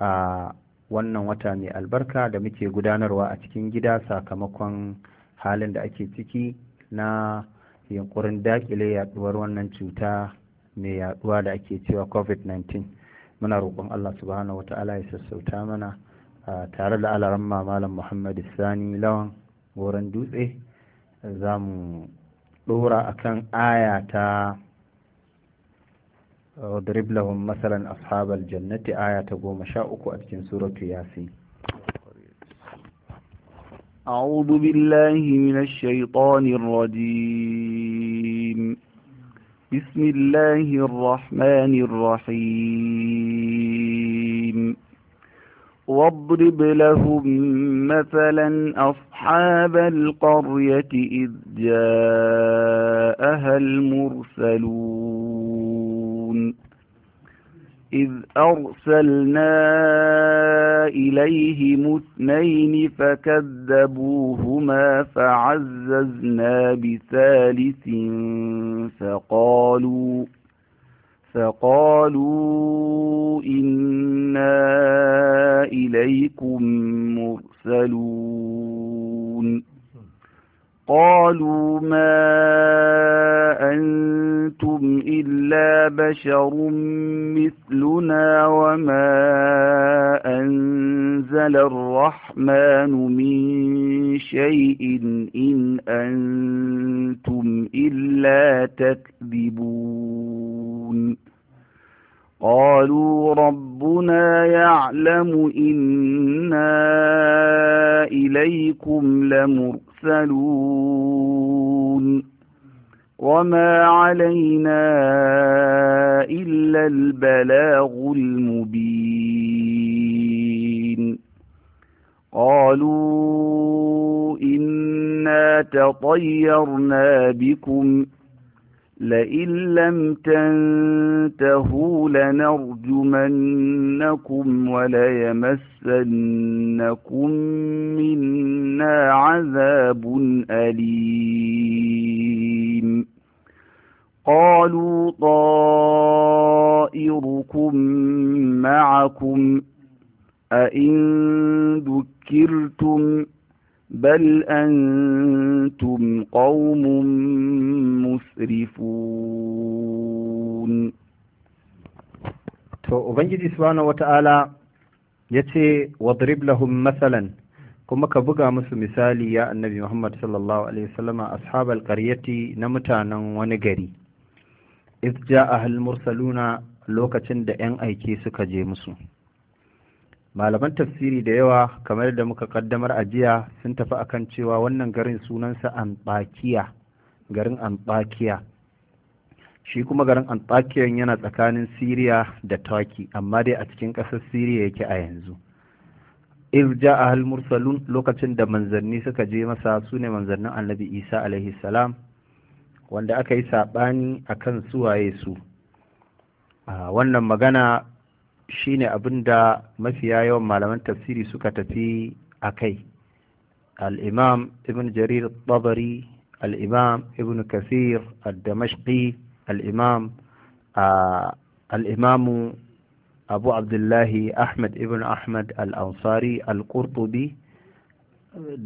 a wannan wata mai albarka da muke gudanarwa a cikin gida sakamakon halin da ake ciki na yunkurin dakile yaduwar wannan cuta mai yaduwa da ake cewa covid-19 muna roƙon allah subhanahu wa ta'ala ya sassauta mana tare da alaran malam muhammad sani lawan wurin dutse za mu ɗora akan aya ta واضرب لهم مثلا أصحاب الجنة آية قوم شاءك أتكن سورة ياسين أعوذ بالله من الشيطان الرجيم بسم الله الرحمن الرحيم واضرب لهم مثلا أصحاب القرية إذ جاءها المرسلون إذ أرسلنا إليهم اثنين فكذبوهما فعززنا بثالث فقالوا فقالوا إنا إليكم مرسلون قالوا ما أنتم إلا بشر مثلنا وما أنزل الرحمن من شيء إن أنتم إلا تكذبون قالوا ربنا يعلم إنا إليكم لمرسلون وما علينا إلا البلاغ المبين قالوا إنا تطيرنا بكم لئن لم تنتهوا لنرجمنكم وليمسنكم منا عذاب أليم قالوا طائركم معكم أئن ذكرتم بل أنتم قوم مسرفون to ubangiji subhanahu wata'ala yace wadrib lahum masalan kuma ka buga musu misali ya annabi Muhammad sallallahu alaihi wasallama ashabal qaryati na mutanen wani gari a halin mursaluna lokacin da yan aiki suka je musu malaman tafsiri da yawa kamar da muka kaddamar a jiya sun tafi akan cewa wannan garin sunansa antakiya garin antakiya shi kuma garin antakiyan yana tsakanin siriya da turkey amma dai a cikin ƙasar siriya yake a yanzu irja a halmursalun lokacin da manzanni suka je masa sune manzannin annabi isa alaihi salam wanda aka yi saɓani a kan suwaye su wannan magana shine abin da mafiya yawan malaman tafsiri suka tafi a kai al'imam ibn jarir tabari al'imam ibn kasir al-damashqi al'imam al'imamu abu abdullahi ahmad ibn ahmad al-ansari al-qurtubi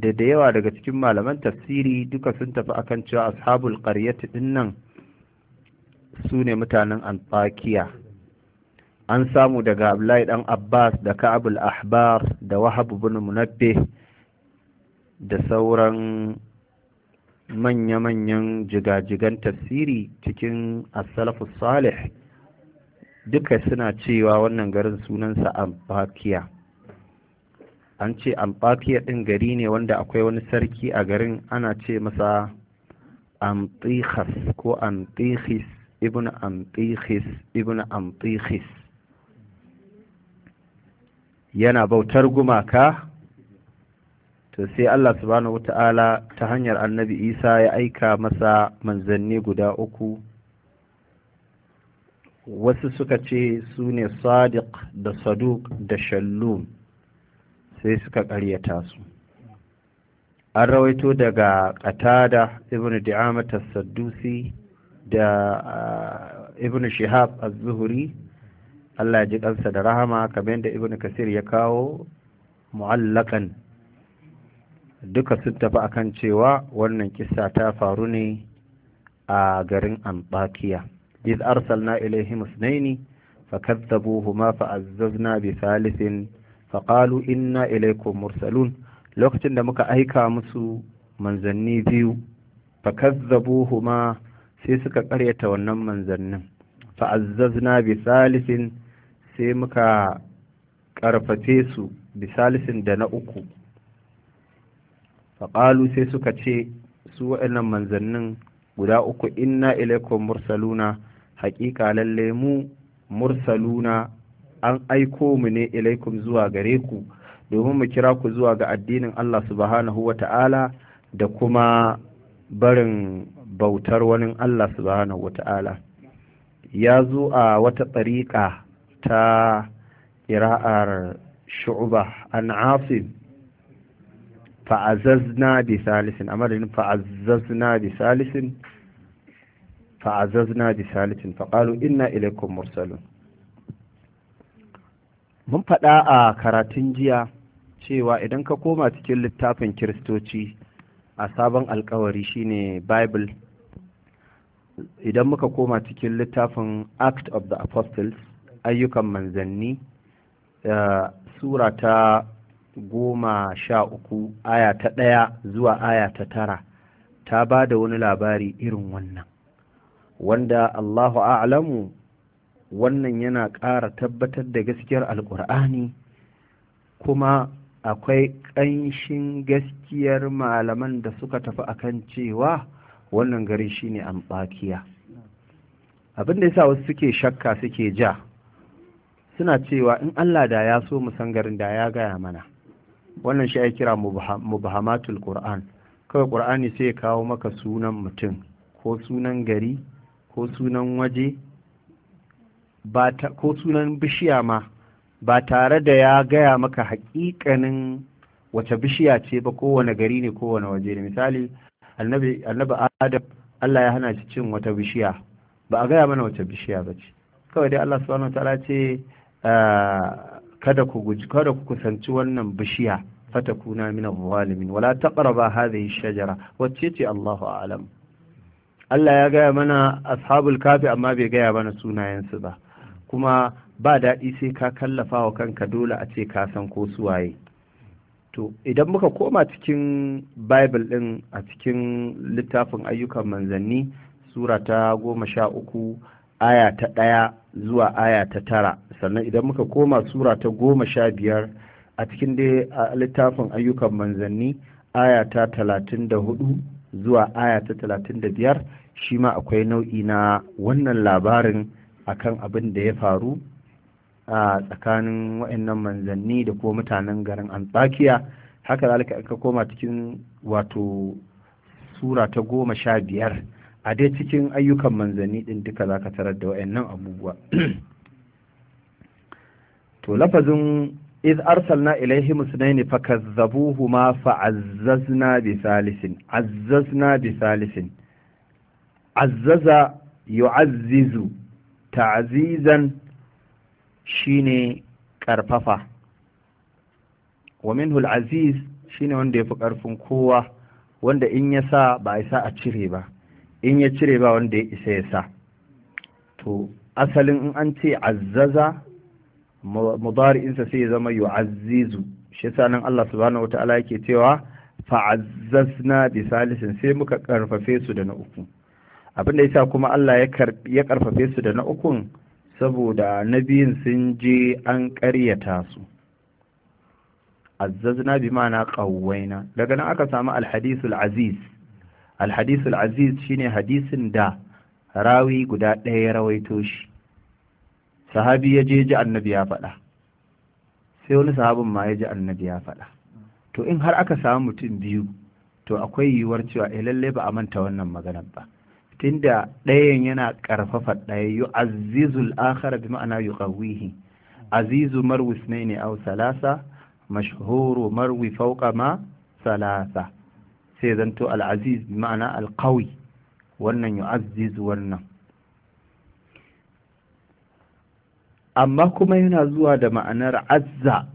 da da yawa daga cikin malaman tafsiri duka sun tafi akan cewa ashabul qaryati dinnan su ne mutanen antakiya an samu daga abdullahi dan abbas da ka'abul ahbar da wahab ibn munabbih da sauran manya-manyan jigajigan tafsiri cikin as-salafus salih duka suna cewa wannan garin sunansa amfakiya an ce amfakiya ɗin gari ne wanda akwai wani sarki a garin ana ce masa amtikhas ko amtikhis ibn amtikhis ibn amtikhis yana bautar gumaka to sai Allah subhanahu wata'ala ta hanyar annabi isa ya aika masa manzanni guda uku wasu suka ce su ne sadiq da saduk da shallum sai suka ƙaryata su an rawaito daga qatada ibn di'amata saddusi da ah, ibn shihab az-zuhri Allah ya ji kansa da rahama kamar da ibn kasir ya kawo mu'allakan duka sun tafi akan cewa wannan kissa ta faru ne a garin antakiya iz arsalna ilaihim usnaini fakadzabuhuma fa'azzazna bi thalithin faqalu inna ilaikum mursalun lokacin da muka aika musu manzanni biyu fakadzabuhuma sai suka karyata wannan manzannin fa'azzazna bi thalithin sai muka ƙarfafe su bisalisin da na uku faƙalu sai suka ce su waɗannan manzannin guda uku inna ilaikum mursaluna haƙiƙa lalle mu mursaluna an aiko mu ne ilaikum zuwa gare ku domin mu kira ku zuwa ga addinin Allah subhanahu wa ta'ala da kuma barin bautar wani Allah subhanahu wa ta'ala ya zo a wata tsariƙa ta ƙira'ar Shu'uba an asim fa'azazna bi salisin a madadin fa'azazna bi salisin fa'azazna bi salisin faƙalu inna ilaikum mursalun mun faɗa a karatun jiya cewa idan ka koma cikin littafin kiristoci a sabon alkawari shine bible idan muka koma cikin littafin act of the apostles ayyukan manzanni eh, sura ta goma sha uku aya ta ɗaya zuwa aya ta tara ta ba da wani labari irin wannan wanda allahu a'lamu wannan yana ƙara tabbatar da gaskiyar alƙur'ani kuma akwai ƙanshin gaskiyar malaman da suka tafi a kan cewa wannan gari shine ambakiya abin da yasa wasu suke shakka suke ja suna cewa in Allah da ya so mu san garin da ya gaya mana wannan shi ya kira mubahamatul qur'an kawai qur'ani sai ya kawo maka sunan mutum ko sunan gari ko sunan waje ko sunan bishiya ma ba tare da ya gaya maka haƙiƙanin wace bishiya ce ba kowane gari ne kowane waje ne misali annabi adam Allah ya hana shi cin wata bishiya ba a gaya mana wace bishiya ba ce kawai dai Allah subhanahu wa ta'ala ce kada ku guji kada ku kusanci wannan bishiya fatakuna min adh-dhalimin wala taqraba hadhihi ash-shajara wacce ce Allahu a'lam Allah ya gaya mana ashabul kafi amma bai gaya mana sunayensu ba kuma ba daɗi sai ka kallafa wa kanka dole a ce ka san ko suwaye to idan muka koma cikin bible ɗin a cikin littafin ayyukan manzanni sura ta goma sha uku aya ta ɗaya zuwa aya ta tara sannan idan muka koma sura ta goma sha biyar a cikin dai littafin ayyukan manzanni aya ta talatin da hudu zuwa aya ta talatin da biyar shi ma akwai nau'i na wannan labarin akan abin da ya faru a tsakanin wa'annan manzanni da kuma mutanen garin tsakiya haka zalika ka koma cikin wato sura ta goma sha biyar a dai cikin ayyukan manzanni ɗin duka za ka tarar da wayannan abubuwa to lafazin iz arsalna ilaihim sunaini fakazzabuhuma fa'azzazna bi salisin azzazna bi salisin azzaza yu'azzizu ta'zizan shine karfafa wa minhu al-aziz shine wanda yafi ƙarfin kowa wanda in yasa ba a sa a cire ba in ya cire ba wanda ya isa ya sa to asalin in an ce azzaza mudari'insa sai ya zama yu'azzizu shi yasa nan Allah subhanahu wata'ala yake cewa fa'azzazna bi salisin sai muka karfafe su da na uku abinda yasa kuma Allah ya karfafe su da na uku saboda na biyun sun je an ƙaryata su azzazna bi ma'ana qawwaina daga nan aka samu alhadisul aziz alhadisul aziz shine hadisin da rawi guda ɗaya ya rawaito shi sahabi ya je ji annabi ya faɗa sai wani sahabin ma ya ji annabi ya faɗa to in har aka samu mutum biyu to akwai yiwuwar cewa eh ba a manta wannan maganar ba tunda ɗayan yana ƙarfafa ɗaya yu azizul akhara bi ma'ana yuqawihi azizu marwi ne aw salasa mashhuru marwi fawqa ma salasa sai zanto al'aziz ma'ana alƙawai, wannan azizu wannan amma kuma yana zuwa da ma'anar azza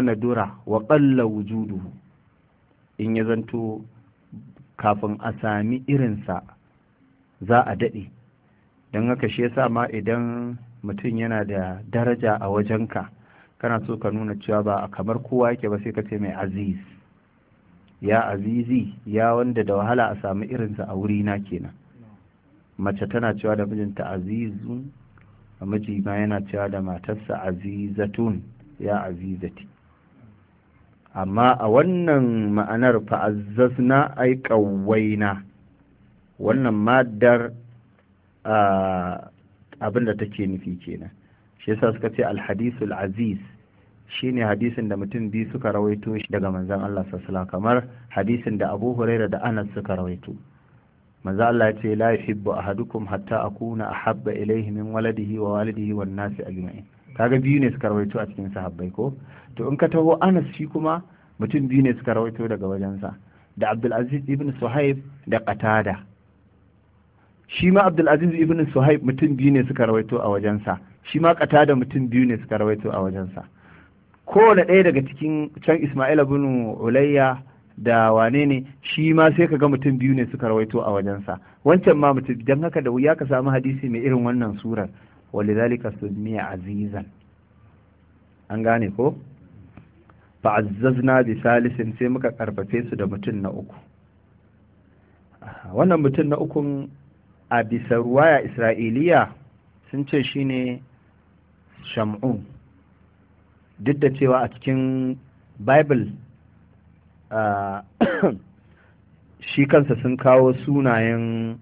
na dura wa ƙalla wujudu in ya zanto kafin a sami irinsa za a daɗe don haka shi yasa ma idan mutum yana da daraja a wajenka kana so ka nuna cewa ba kamar kowa yake ba sai ka ce mai aziz ya azizi ya wanda da wahala a samu irinsa a wurina kenan mace tana cewa da mijinta azizu miji ma yana cewa da matarsa azizatun ya azizati amma a wannan ma'anar fa'azazna ai na. wannan madar ah, abin da take nufi kenan shi yasa suka ce alhadisul aziz shine hadisin da mutum biyu suka rawaito shi daga manzon Allah sallallahu kamar hadisin da Abu Huraira da Anas suka rawaito manzo Allah ya ce la yuhibbu ahadukum hatta akuna ahabba ilayhi min waladihi wa walidihi wan nasi ajma'in kaga biyu ne suka rawaito a cikin sahabbai ko to in ka taho Anas shi kuma mutum biyu ne suka rawaito daga wajensa da Aziz ibn Suhaib da Qatada shi ma Aziz ibn Suhaib mutum biyu ne suka rawaito a wajensa shi ma Qatada mutum biyu ne suka rawaito a wajensa kowane ɗaya daga cikin can isma'ila bin Ulayya da wane ne shi ma sai ka ga mutum biyu ne suka rawaito a wajensa wancan ma mutum don haka da wuya ka samu hadisi mai irin wannan surar su sumiya azizan an gane ko fa'azzazna bi salisin sai muka karfafe su da mutum na uku wannan mutum na ukun a bisa ruwaya isra'iliya sun ce shine sham'un duk da cewa a cikin bible shi kansa sun kawo sunayen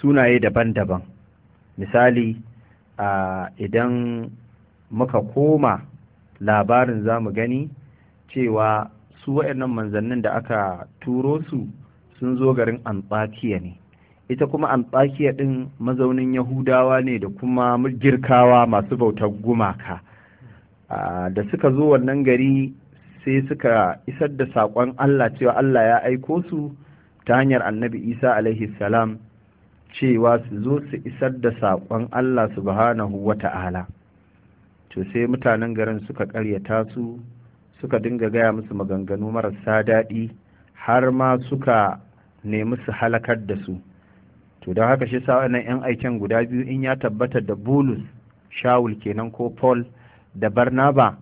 sunaye daban-daban misali idan muka koma labarin za mu gani cewa su waɗannan manzannin da aka turo su sun zo garin antsakiya ne ita kuma antsakiya ɗin mazaunin yahudawa ne da kuma girkawa masu bautar gumaka da suka zo wannan gari sai suka isar da saƙon Allah cewa Allah ya aiko su ta hanyar annabi Isa alaihi salam cewa su zo su isar da saƙon Allah subhanahu wa ta'ala to sai mutanen garin suka ƙaryata su suka dinga gaya musu maganganu marasa daɗi har ma suka nemi su halakar da su to don haka shi sa 'yan aikin guda biyu in ya tabbatar da bulus shawul kenan ko paul da barnaba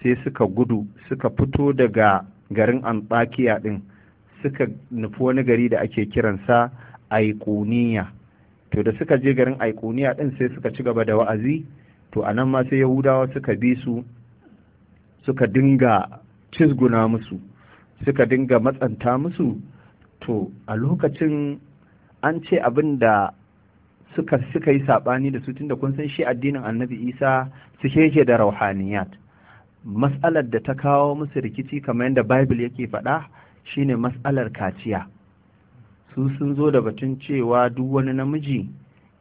sai suka gudu suka fito daga garin antakiya ɗin suka nufi wani gari da ake kiransa aikuniya to da suka je garin aikuniya ɗin sai suka ci gaba da wa'azi to anan ma sai yahudawa suka bi su suka dinga cizguna musu suka dinga matsanta musu to a lokacin an ce abin da suka suka yi sabani da su tunda kun san shi addinin annabi isa su yake da rauhaniyat mas'alar da ta kawo musu rikici kamar yadda bible yake faɗa shine mas'alar kaciya su sun zo da batun cewa duk wani namiji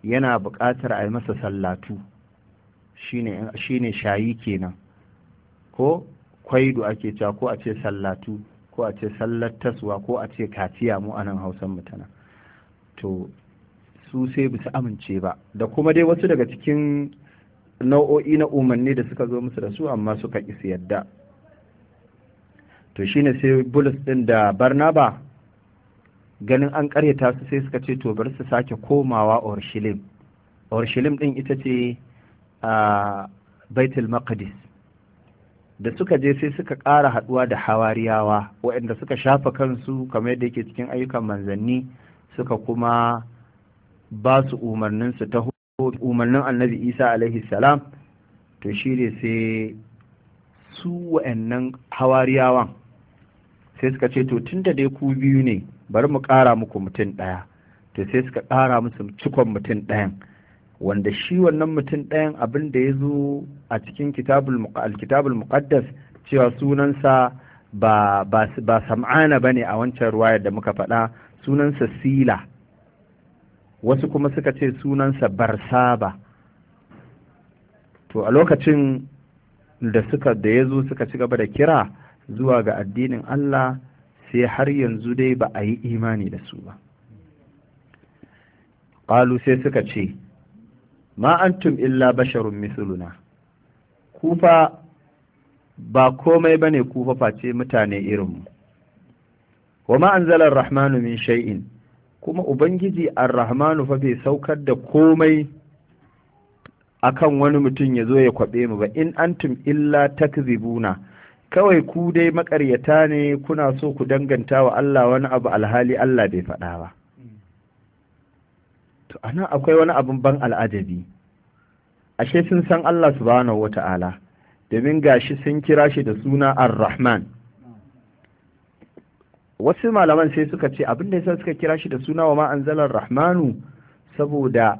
yana buƙatar a yi masa sallatu shine shayi kenan ko kwaidu ake cewa ko a ce sallatu ko a ce sallar taswa ko a ce kaciya mu anan hausan mutana to su sai ba su amince ba da kuma dai wasu daga cikin nau'o'i na umarni da suka zo musu da su amma suka ƙi yadda to shine sai bulus din da barnaba ganin an karyata su sai suka ce to bari su sake komawa orshilim orshilim din ita ce a baitul maqdis da suka je sai suka ƙara haɗuwa da hawariyawa waɗanda suka shafa kansu kamar yadda yake cikin ayyukan manzanni suka kuma ba su umarninsu ta umarnin annabi isa alaihi salam to shi ne sai su wa'annan hawariyawan sai suka ce to tun da dai ku biyu ne bari mu ƙara muku mutum ɗaya to sai suka ƙara musu cikon mutum ɗayan wanda shi wannan mutum ɗayan abin da ya zo a cikin alkitabul muqaddas cewa sunansa ba sam'ana ba ne a wancan ruwayar da muka faɗa sunansa sila wasu kuma suka ce sunansa barsaba to a lokacin da suka da ya zo suka ci gaba da kira zuwa ga addinin Allah sai har yanzu dai ba a yi imani da su ba ƙalu sai suka ce ma antum illa basharun misuluna. kufa ba komai ba ne kufa face mutane irinmu wa ma anzalar rahmanu min shay'in kuma ubangiji arrahmanu fa bai saukar da komai akan wani mutum ya zo ya kwabe mu ba in antum illa takzibuna kawai ku dai makaryata ne kuna so ku danganta wa Allah wani abu alhali Allah bai faɗa ba to ana akwai wani abin ban al'ajabi ashe sun san Allah subhanahu wata'ala domin gashi sun kira shi da suna ar-rahman wasu malaman sai suka ce abin da yasa suka kira shi da suna wa ma'anzalar rahmanu saboda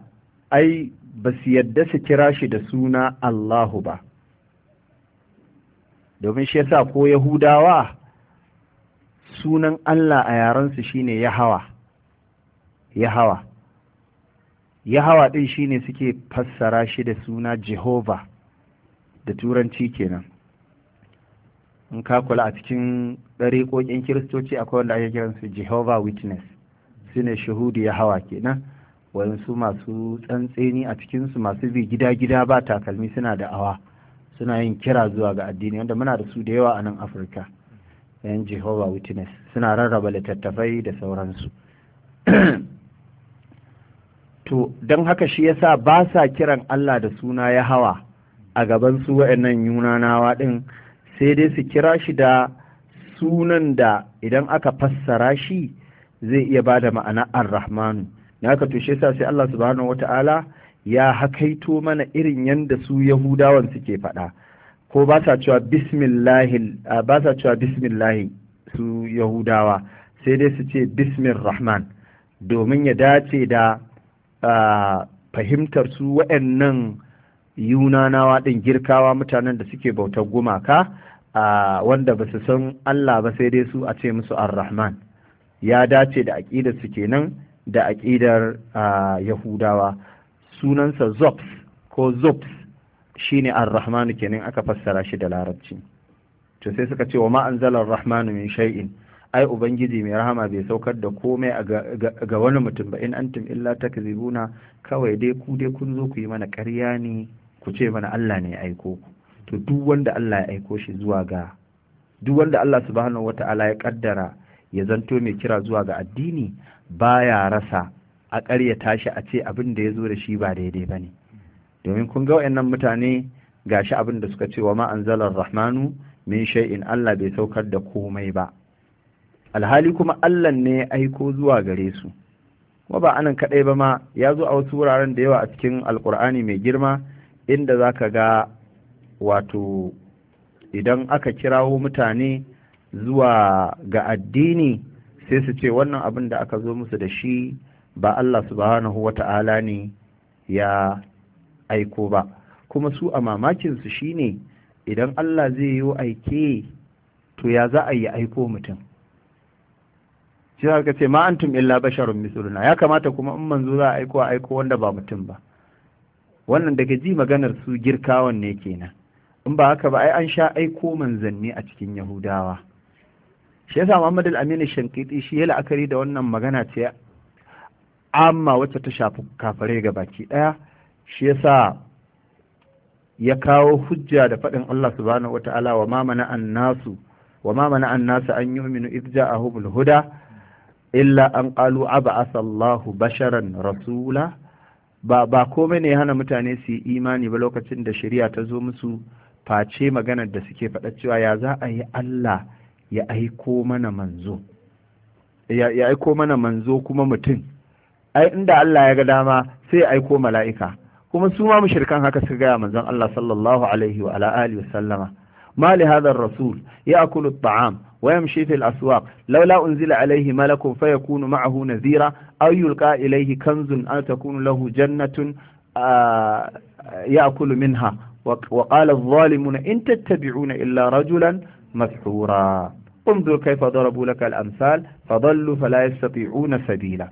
ai ba su yadda su kira shi da suna Allahu ba domin shi yasa ko yahudawa sunan Allah a yarensu shine yahawa yahawa yahawa din shine suke fassara shi da suna Jehova da turanci kenan in ka kula a cikin ɗariƙoƙin kiristoci akwai wanda ake kiransu jehovah witness su ne shahudu ya hawa kenan wayansu masu tsantseni a cikinsu masu bi gida-gida ba takalmi suna da awa suna yin kira zuwa ga addini wanda muna da su da yawa a nan afirka yan jehovah witness suna rarraba littattafai da sauransu to don haka shi yasa ba sa kiran allah da suna ya hawa a gabansu su waɗannan yunanawa ɗin sai dai su kira shi da sunan da idan aka fassara shi zai iya ba da ma'ana ar-rahmanu na ka tushe sa sai Allah subhanahu wata'ala ya hakaito mana irin yanda su yahudawan suke faɗa ko ba sa cewa bismillah ba sa cewa bismillah su yahudawa sai dai su ce bismir rahman domin ya dace da fahimtar su waɗannan yunanawa ɗin girkawa mutanen da suke bautar gumaka wanda ba su san Allah ba sai dai su a ce musu ar-rahman ya dace da aƙidar su kenan da aƙidar yahudawa sunansa zops ko zops shine ar-rahmanu kenan aka fassara shi da larabci to sai suka ce wa ma anzalar rahmanu min shay'in ai ubangiji mai rahama bai saukar da komai ga wani mutum ba in antum illa takzibuna kawai dai ku dai kun zo ku yi mana ƙarya ne ku ce mana Allah ne ya aiko ku to duk wanda Allah ya aiko shi zuwa ga duk wanda Allah subhanahu wata'ala ya kaddara ya zanto mai kira zuwa ga addini baya rasa a ƙarya tashi a ce abin da ya zo da shi ba daidai ba ne domin kun ga wayannan mutane gashi abin da suka ce wa ma anzalar rahmanu min shay'in Allah bai saukar da komai ba alhali kuma Allah ne ya aiko zuwa gare su kuma ba anan kadai ba ma ya zo a wasu wuraren da yawa a cikin alkur'ani mai girma inda zaka ga wato idan aka kirawo mutane zuwa ga addini sai su ce wannan abin da aka zo musu da shi ba Allah subhanahu Ta'ala ne ya aiko ba kuma su a mamakinsu shine idan Allah zai yi aike to ya za a yi aiko mutum shi za ka ce ma antum illa basharun misluna ya kamata kuma in manzo za a aiko a aiko wanda ba mutum ba wannan daga ji maganar su girkawan ne kenan in ba haka ba ai an sha aiko manzanni a cikin yahudawa shi yasa Muhammad al aminu shankiti shi ya la'akari da wannan magana ce amma wacce ta shafi kafare ga baki daya shi yasa ya kawo hujja da faɗin Allah subhanahu Ta'ala wa mamana nasu, wa mamana nasu, an yi yu'minu a hubul huda illa an kalu Aba asallahu basharan rasula ba ba komai ne hana mutane su yi imani ba lokacin da shari'a ta zo musu face maganar da suke faɗa cewa ya za a yi Allah ya aiko mana manzo ya aiko mana manzo kuma mutum ai inda Allah ya ga dama sai ya aiko mala'ika kuma su ma mushrikan haka suka gaya manzon Allah sallallahu alaihi wa alihi wa sallama ma hadha ar-rasul ya'kulu at-ta'am wa yamshi fil aswaq laula unzila alaihi malakun fa yakunu ma'ahu nadhira aw yulqa ilayhi kanzun aw takunu lahu jannatun ya'kulu minha وقال الظالمون إن تتبعون إلا رجلا مسحورا انظر كيف ضربوا لك الأمثال فضلوا فلا يستطيعون سبيلا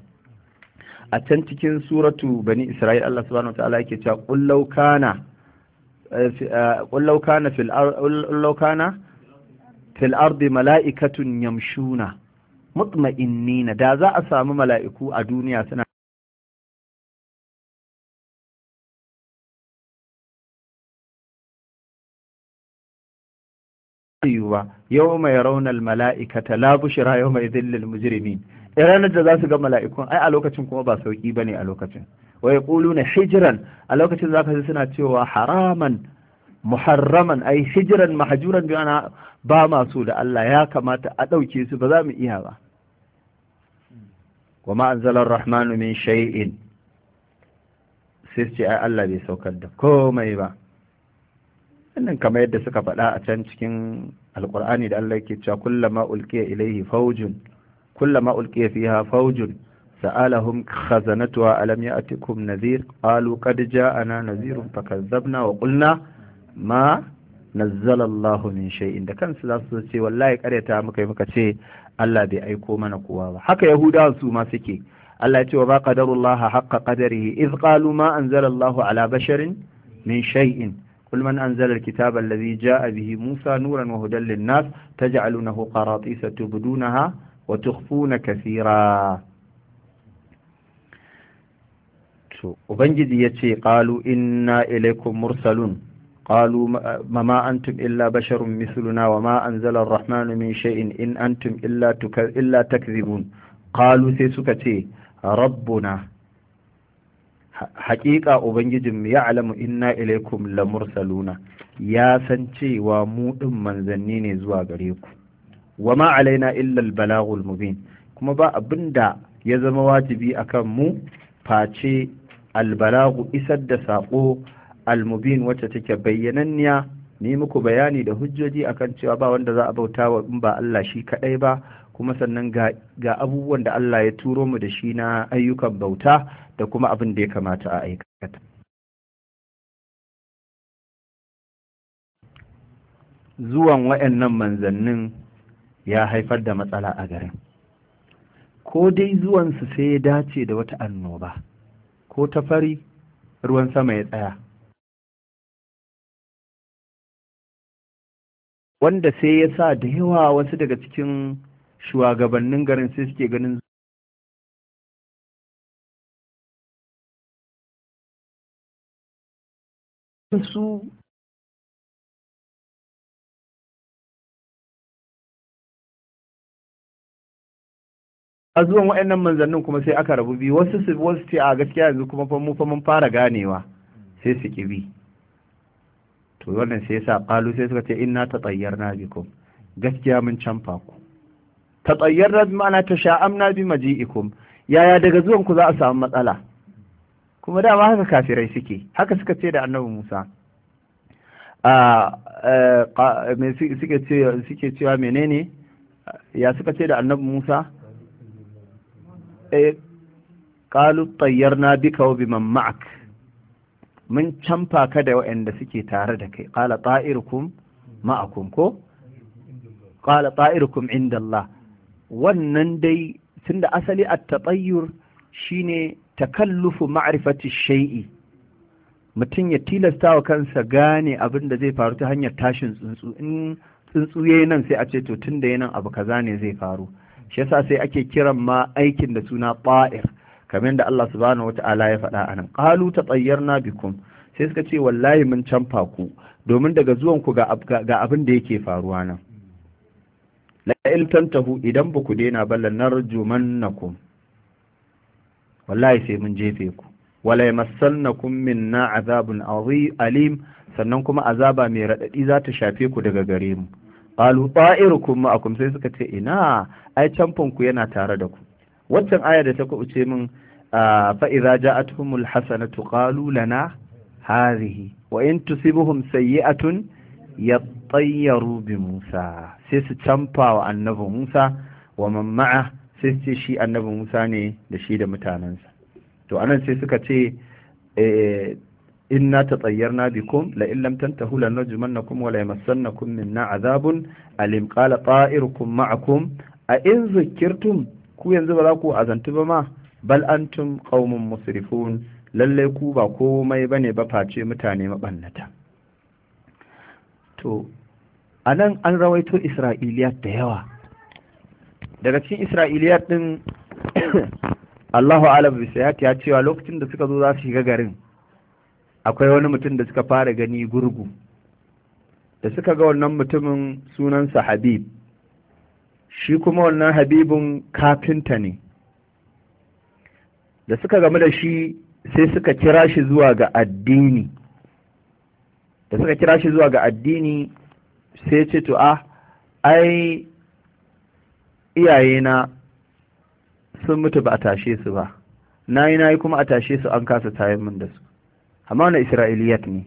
أتنتكن سورة بني إسرائيل الله سبحانه وتعالى يقول قل لو كان آه، آه، قل لو كان في الأرض قل لو كان في الأرض ملائكة يمشون مطمئنين دازا أسام ملائكو أدوني أسنا yiwu yau mai raunar ta labu bushira yau mai zillil mujirimi ranar da za su ga mala'ikun ai a lokacin kuma ba ba ne a lokacin ƙulu na hijiran a lokacin ka ji suna cewa haraman muharraman ai hijran mahjuran biyu ana ba masu da Allah ya kamata a ɗauke su ba za mu iya ba wa ma rahmanu min shay'in sai Allah bai saukar da komai ba wannan kamar yadda suka faɗa a can cikin alkur'ani da Allah yake cewa kullama ulqiya ilayhi fawjun kullama ulqiya fiha fawjun sa'alahum khazanatuha alam ya'tikum nadhir qalu qad ja'ana nadhirun fakazzabna wa qulna ma nazzala Allah min shay'in da kansu za su ce wallahi karyata muka yi muka ce Allah bai aiko mana kowa ba haka yahudawa su ma suke Allah ya ce wa ba qadarullah haqqa qadarihi iz qalu ma anzala Allah ala basharin min shay'in قل من أنزل الكتاب الذي جاء به موسى نورا وهدى للناس تجعلونه قراطيس تبدونها وتخفون كثيرا وبنجد يتي قالوا إنا إليكم مرسلون قالوا ما, أنتم إلا بشر مثلنا وما أنزل الرحمن من شيء إن أنتم إلا, إلا تكذبون قالوا سيسكتي ربنا haƙiƙa ubangijin ya alamu inna ilaikum la mursaluna ya san cewa mu ɗin manzanni ne zuwa gare ku wa ma alaina illa al mubin kuma ba abinda ya zama wajibi akan mu face albalagu isar da saƙo almubin wacce take bayyananniya ni muku bayani da hujjoji akan cewa ba wanda za a bauta wa in ba Allah shi kaɗai ba kuma sannan ga abubuwan da Allah ya turo mu da shi na ayyukan bauta da kuma abin da ya kamata a aikata zuwan wayannan manzannin ya haifar da matsala a garin ko dai zuwansu sai ya dace da wata annoba ko ta fari ruwan sama ya tsaya wanda sai ya sa da yawa wasu daga cikin shugabannin garin sai suke ganin su a zuwan manzannin kuma sai aka rabu biyu wasu su wasu ce a gaskiya yanzu kuma fa mu fa mun fara ganewa sai su kibi bi to wannan sai yasa qalu sai suka ce inna tatayyarna bikum gaskiya mun canfa ku tatayyarna bi ma'ana tasha'amna bi maji'ikum yaya daga zuwan ku za a samu matsala kuma dama haka kafirai suke haka suka ce da annabi Musa suke cewa menene ya suka ce da annabi Musa qalu na bi kawo bi mamma'ak mun canfa ka da waɗanda suke tare da kai kala ta'irukum ma'akum ko qala ta'irukum inda Allah wannan dai tunda asali shi ne shine takallufu ma'rifati shai'i mutum ya tilasta wa kansa gane abin da zai faru ta hanyar tashin tsuntsu in tsuntsu ya nan sai a ce to tun tunda yanan abu kaza ne zai faru shi yasa sai ake kiran ma aikin da suna ba'ir kamar da Allah subhanahu wata'ala ya faɗa anan qalu na bikum sai suka ce wallahi mun canfa ku domin daga zuwan ku ga abin da yake faruwa nan la tantahu idan ba ku daina ba lanarjumannakum wallahi sai mun jefe ku wala yamassannakum minna azabun alim sannan kuma azaba mai raɗaɗi za ta shafe ku daga gare mu qalu ta'irukum ma'akum sai suka ce ina ai camfin ku yana tare da ku waccan aya da ta ce min fa idza ja'atuhumul hasanatu qalu lana hadhihi wa in tusibuhum sayyi'atun tayyaru bi Musa sai su canfa wa annabi Musa wa mamma'a sai su ce shi annabi Musa ne da shi da mutanensa to anan sai suka ce eh, inna tatayyarna bikum la juman na kuma lanarjumannakum wa la yamassannakum minna azabun alim qala ta'irukum ma'akum a in zikirtum ku yanzu ba za ku azantu ba ma bal antum qaumun musrifun lalle ku ba komai bane ba face mutane mabannata to a nan an rawaito isra'iliyat da yawa daga cikin isra'iliyat ɗin allahu alam bisayat ya cewa lokacin da suka zo za su shiga garin akwai wani mutum da suka fara gani gurgu da suka ga wannan mutumin sunansa habib shi kuma wannan habibin kafinta ne da suka gamu da shi sai suka kira shi zuwa ga addini da suka kira shi zuwa ga addini sai ce to a ah, ai iyayena sun mutu ba a tashe su ba na yi na yi kuma a tashe su an kasa tayin min da su amma wani isra'iliyat ne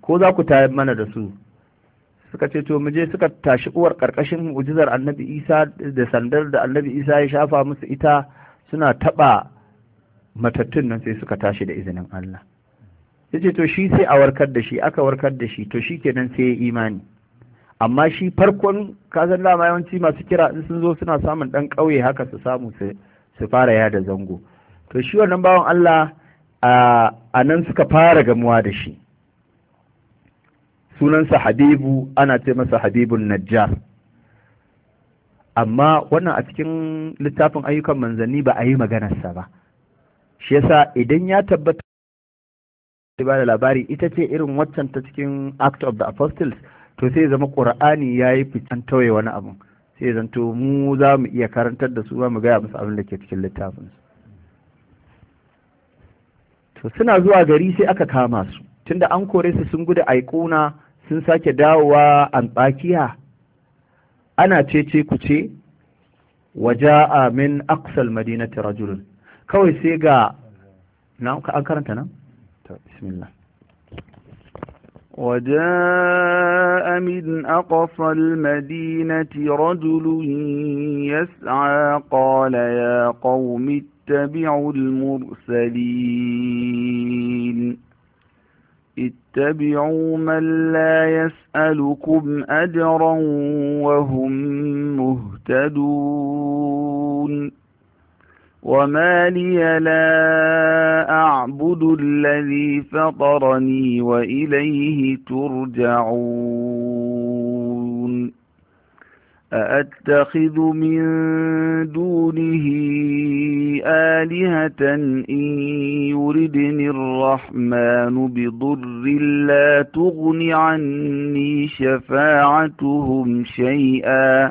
ko za ku tayin mana da su suka ce to mu je suka tashi uwar karkashin mu'jizar annabi isa da sandar da annabi isa ya shafa musu ita suna taɓa matattun nan sai suka tashi da izinin allah ya ce to shi sai a warkar da shi aka warkar da shi to shi kenan sai ya imani amma shi farkon kasan dama yawanci masu kira in sun zo suna samun ɗan ƙauye haka su samu su fara yada zango to shi wannan bawan Allah a nan suka fara gamuwa da shi sunansa habibu ana ce masa habibun najjar amma wannan a cikin littafin ayyukan manzanni ba a yi maganarsa ba shi yasa idan ya tabbata ba da labari ita ce irin waccan ta cikin act of the apostles to sai zama qur'ani yayi fitan tauye wani abu sai zanto mu za mu iya karantar da su ba mu gaya musu abin da ke cikin littafin to suna zuwa gari sai aka kama su tunda an kore su sun gudu aikuna sun sake dawowa an tsakiya ana cece ku ce a min aqsal madinati rajulun kawai sai ga na an karanta nan to bismillah وجاء من أقصى المدينة رجل يسعى قال يا قوم اتبعوا المرسلين اتبعوا من لا يسألكم أجرا وهم مهتدون وما لي لا أعبد الذي فطرني وإليه ترجعون أأتخذ من دونه آلهة إن يردني الرحمن بضر لا تغن عني شفاعتهم شيئا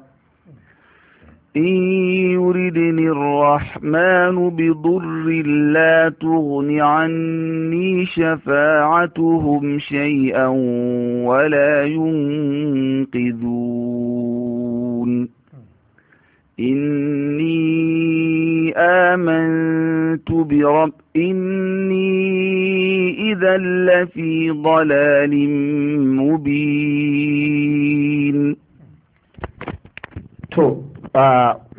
إن يردني الرحمن بضر لا تغن عني شفاعتهم شيئا ولا ينقذون إني آمنت برب إني إذا لفي ضلال مبين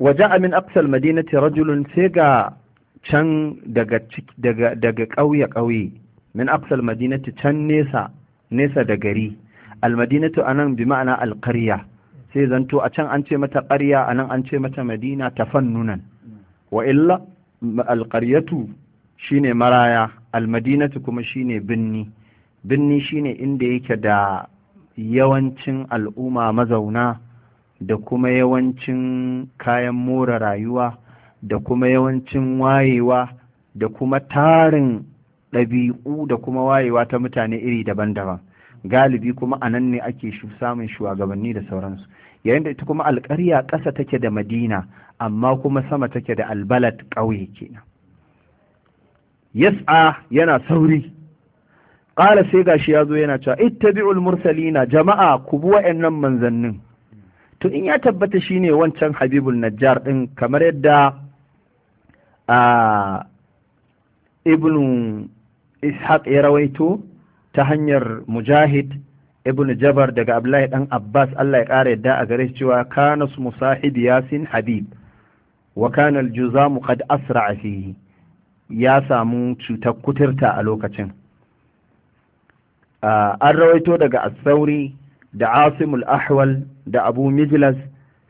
waje amin aksal madinati rajulun sai ga can daga ƙauye-ƙauye min aksal madinati can nesa nesa da gari almadinatu anan bi ma'ana alƙarya sai zanto a can an ce mata ƙarya anan an ce mata madina tafannunan wa illa alƙaryatu shine maraya almadinatu kuma shine binni binni shine inda yake da yawancin al'umma mazauna da kuma yawancin kayan more rayuwa da kuma yawancin wayewa da kuma tarin ɗabi'u da kuma wayewa ta mutane iri daban-daban galibi kuma a nan ne ake samun shugabanni da sauransu yayin da ita kuma alƙarya ƙasa take da madina amma kuma sama take da albalat ƙauye kenan yas'a yana sauri ƙala sai gashi ya zo yana cewa ittabi'ul mursalina jama'a ku bi wa'annan manzannin to in ya tabbata shi ne wancan habibul najjar ɗin kamar yadda a ibnu ishaq ya rawaito ta hanyar mujahid ibnu jabar daga abdullahi dan abbas Allah ya kara yadda a gare shi cewa kana musahib yasin habib wa kana aljuzamu qad asra'a fihi ya samu cutar kuturta a lokacin an rawaito daga asauri da asimul ahwal da abu mijlas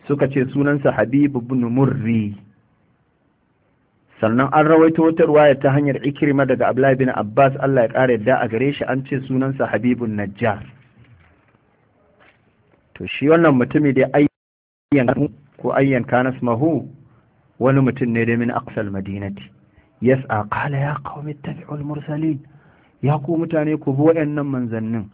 suka ce sunansa habib ibn murri sannan an rawaito wata ruwaya ta hanyar ikirma daga abla bin abbas allah ya kare da a gare shi an ce sunansa habibun najjar to shi wannan mutumi da ayyan ko ayyan kanas mahu wani mutum ne da min aqsal madinati yas'a qala ya qaumi mursalin ya ku mutane ku bi waɗannan manzannin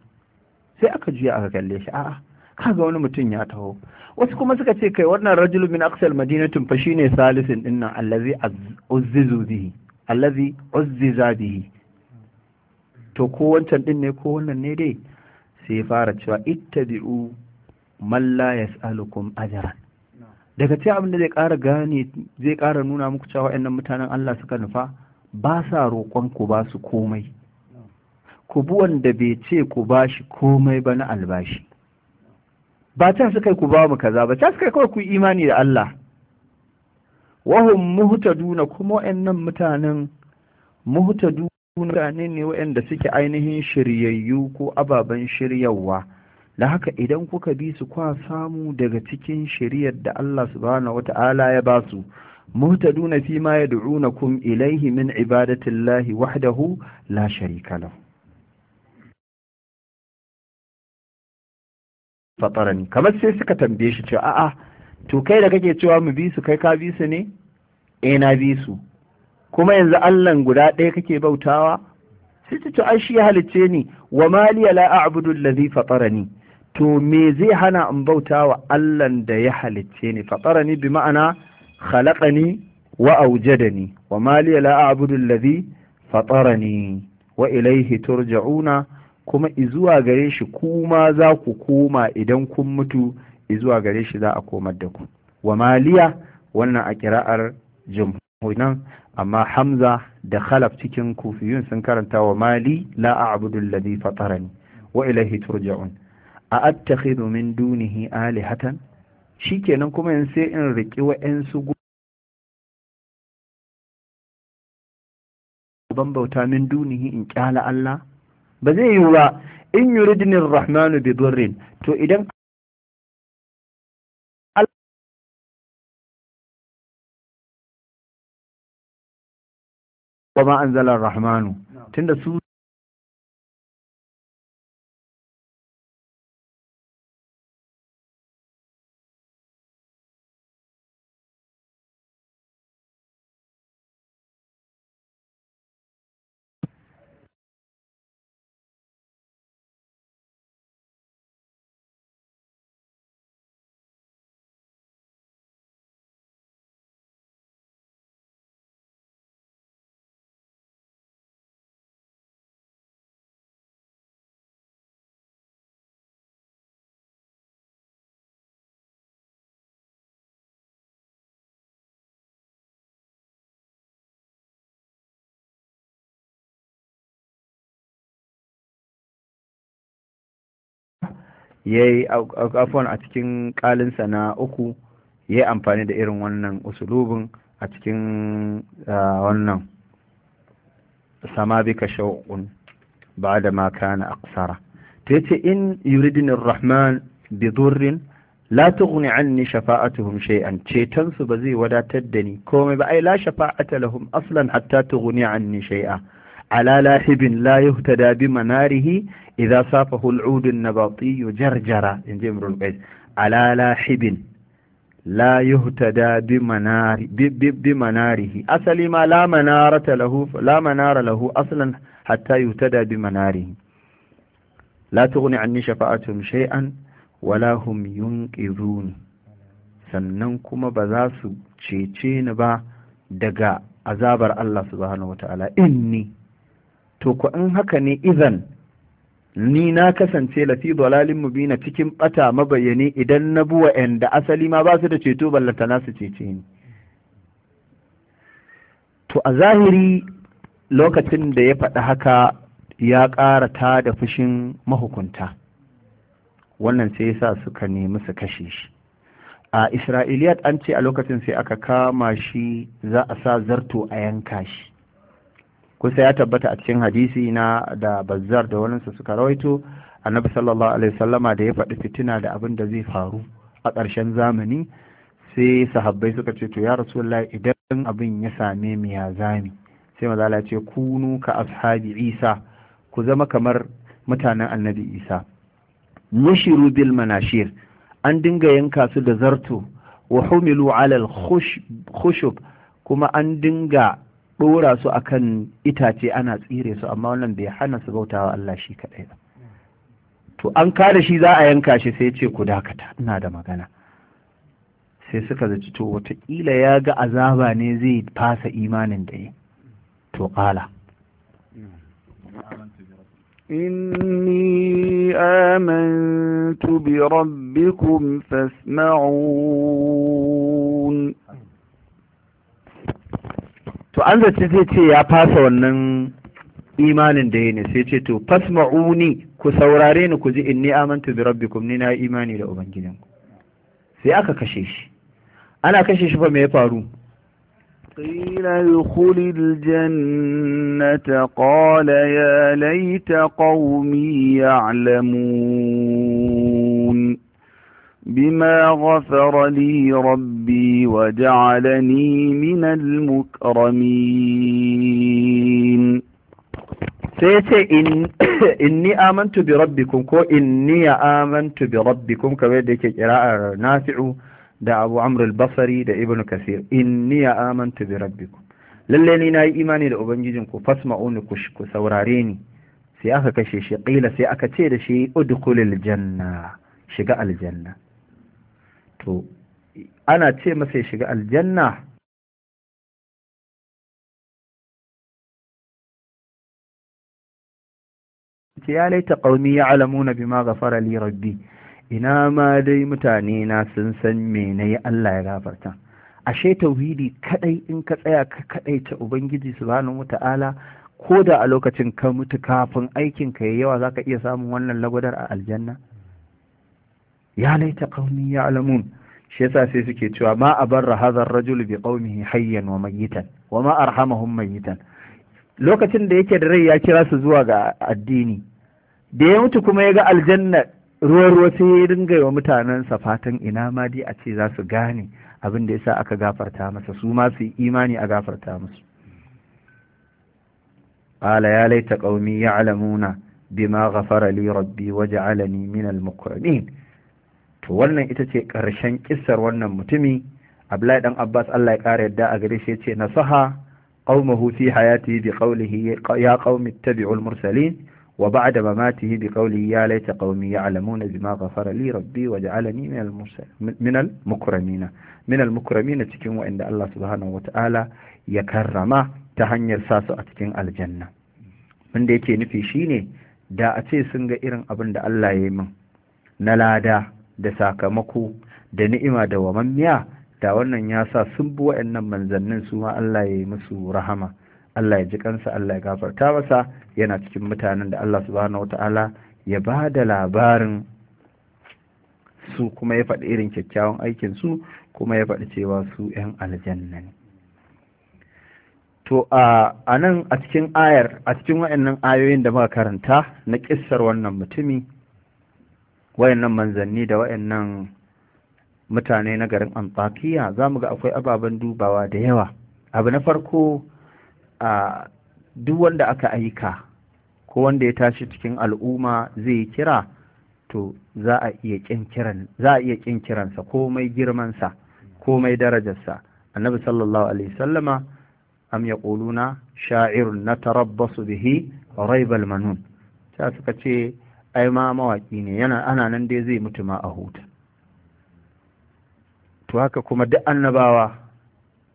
sai aka juya aka kalle shi a'a kaga wani mutum ya taho wasu kuma suka ce kai wannan rajulun min aqsal madinatin fa shine salisin dinnan allazi uzzizu bihi allazi uzziza bihi to ko wancan din ne ko wannan ne dai sai ya fara cewa ittabi'u man la yas'alukum ajran daga ce abin da zai ƙara gane zai ƙara nuna muku cewa waɗannan mutanen Allah suka nufa ba sa roƙon ku ba su komai ku bi wanda bai ce ku bashi komai ba na albashi ba ta suka ku ba mu kaza ba ta suka kawai ku imani da Allah wahum muhtaduna kuma nan mutanen muhtaduna mutane ne wayanda suke ainihin shiryayyu ko ababen shiryawa da haka idan kuka bi su kwa samu daga cikin shiryar da Allah subhanahu wata'ala ya ba su muhtaduna fi ma yad'unakum ilaihi min ibadatillahi wahdahu la sharika lahu fatarani kamar sai suka tambaye shi cewa a'a to kai da kake cewa mu bi su kai ka bi su ne eh na bi su kuma yanzu Allahn guda ɗaya kake bautawa sai ta ce shi ya halicce ni wa maliya la a'budu allazi fatarani to me zai hana in bautawa Allahn da ya halicce ni fatarani bi ma'ana khalaqani wa awjadani wa maliya la a'budu allazi fatarani wa ilayhi turja'una kuma izuwa gare shi kuma za ku koma idan kun mutu izuwa gare shi za a komar da ku wa maliya wannan a kira'ar jamhunan amma hamza da khalaf cikin kufiyun sun karanta wa mali la Ladi alladhi fatarani wa ilayhi turja'un a attakhidhu min dunihi alihatan shikenan kuma yanzu sai in riki su ban bauta min dunihi in kyala Allah ba zai yiwu ba in yuridni rahmanu bi to idan wa ma anzalar rahmanu tunda su yayi yi a cikin kalinsa na uku ya yi amfani da irin wannan usulubin a cikin wannan sama bika ba da ma kana aksara ta yace in yuridin rahman bi durrin la tughni anni shafa'atuhum shay'an ceton su ba zai wadatar da ni komai ba ai la shafa'ata lahum aslan hatta tughni anni shay'a ala lahibin la yuhtada bi manarihi idza safa al'ud an-nabati jarjara inji imrul qais ala la yuhtada bi manari bi manarihi asali ma la manarata lahu la manara lahu aslan hatta yuhtada bi manarihi la tughni anni shafa'atuhum shay'an wala hum yunqidhun sannan kuma ba za su cece ni ba daga azabar Allah subhanahu wata'ala inni to ku in haka ne idan ni na kasance lafi dalalin mubina cikin bata mabayyane idan na buwa da asali ma ba su da ceto ballantana nasu cece ni to a zahiri lokacin da ya faɗi haka ya ƙara ta da fushin mahukunta wannan sai yasa suka nemi su kashe shi a isra'iliyat an ce a lokacin sai aka kama shi za a sa zarto a yanka shi kusa ya tabbata a cikin hadisi na da bazzar da waninsa suka rawaito annabi sallallahu alaihi wasallama da ya faɗi fitina da abin da zai faru a ƙarshen zamani sai sahabbai suka ce to ya rasulullahi idan abin ya same mu ya zami sai mazala ce kunu ka ashabi isa ku zama kamar mutanen annabi isa yashiru bil manashir an dinga yanka su da zarto wa humilu ala al khushub kuma an dinga ɗora su akan itace ana tsire su amma wannan bai hana su bautawa Allah shi kaɗai ba to an kada shi za a yanka shi sai ce ku dakata ina da magana sai suka zaci to watakila ya ga azaba ne zai fasa imanin da yi to ƙala إني آمنت بربكم فاسمعون to an zaci zai ce ya fasa wannan imanin da yini sai ce to fasma'uni ku saurare ni ku ji inni amantu bi rabbikum ni na imani da ubangijinku sai aka kashe shi ana kashe shi fa me ya faru قيل ادخل الجنة قال يا ليت قومي يعلمون بما غفر لي ربي وجعلني من المكرمين سيتي إن inni amantu bi rabbikum ko inni ya amantu bi rabbikum kamar da yake kira'ar nafi'u da abu amr al da ibn kasir inni ya amantu bi rabbikum lalle ni nayi imani da ubangijin ku fasma'uni ku ku saurare ni sai aka kashe shi kila sai aka ce da shi udkhulil janna shiga aljanna to ana ce masa ya shiga aljanna ya laita ƙaumi ya bi bima gafara li rabbi ina ma dai mutane na sun san me na yi Allah ya gafarta ashe tauhidi kadai in ka tsaya ka kadai ta ubangiji subhanahu wata'ala ko da a lokacin ka mutu kafin aikin ka yayi yawa zaka iya samun wannan lagwadar a aljanna ya laita qaumi alamun shi yasa sai suke cewa ma a hadha rahazar rajul bi qaumihi hayyan wa mayitan wa ma arhamahum mayitan lokacin da yake da rai ya kira su zuwa ga addini da ya mutu kuma ya ga aljanna ruwa-ruwa sai ya dinga wa mutanen sa fatan ina ma dai a ce za su gane abin da yasa aka gafarta masa su ma su imani a gafarta musu Ala ya laita qaumi ya'lamuna bima ghafara li rabbi waj'alani min al to wannan ita ce ƙarshen kissar wannan mutumi abdullahi dan abbas allah ya ƙara yadda a gare shi ya ce nasaha qaumahu fi hayatihi bi qawlihi ya qaumi ittabi'ul mursalin wa ba'da mamatihi bi qawlihi ya laita qaumi ya'lamuna bima ghafara li rabbi wa ja'alani min al-mursalin min al-mukramina min al-mukramina cikin wa'inda Allah subhanahu wata'ala ya karrama ta hanyar sa su a cikin aljanna mun da yake nufi shine da a ce sun ga irin abin da Allah ya yi min na lada da sakamako da ni'ima da wamammiya da wannan ya sa sun bi wa'annan manzannin su ma Allah ya yi musu rahama Allah ya ji kansa Allah ya gafarta masa yana cikin mutanen da Allah subhanahu wata'ala ya ba da labarin su kuma ya faɗi irin kyakkyawan aikin su kuma ya faɗi cewa su 'yan aljanna ne to a nan a cikin ayar a cikin wa'annan ayoyin da muka karanta na kissar wannan mutumi wayannan manzanni da wayannan mutane na garin antakiya za mu ga akwai ababen dubawa da yawa abu na farko a duk wanda aka aika ko wanda ya tashi cikin al'umma zai yi kira to za a iya kin kiran za a iya kin kiransa komai girmansa komai darajarsa annabi sallallahu alaihi sallama am yaquluna sha'irun natarabbasu bihi raibal manun ta suka ce ai ma mawaƙi ne yana ana nan dai zai mutu ma a huta to haka kuma duk annabawa